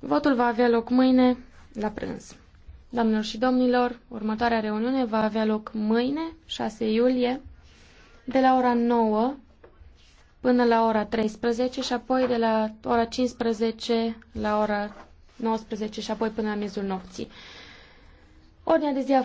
Votul va avea loc mâine la prânz. Doamnelor și domnilor, următoarea reuniune va avea loc mâine, 6 iulie, de la ora 9 până la ora 13 și apoi de la ora 15 la ora 19 și apoi până la miezul nopții. Ordinea de zi a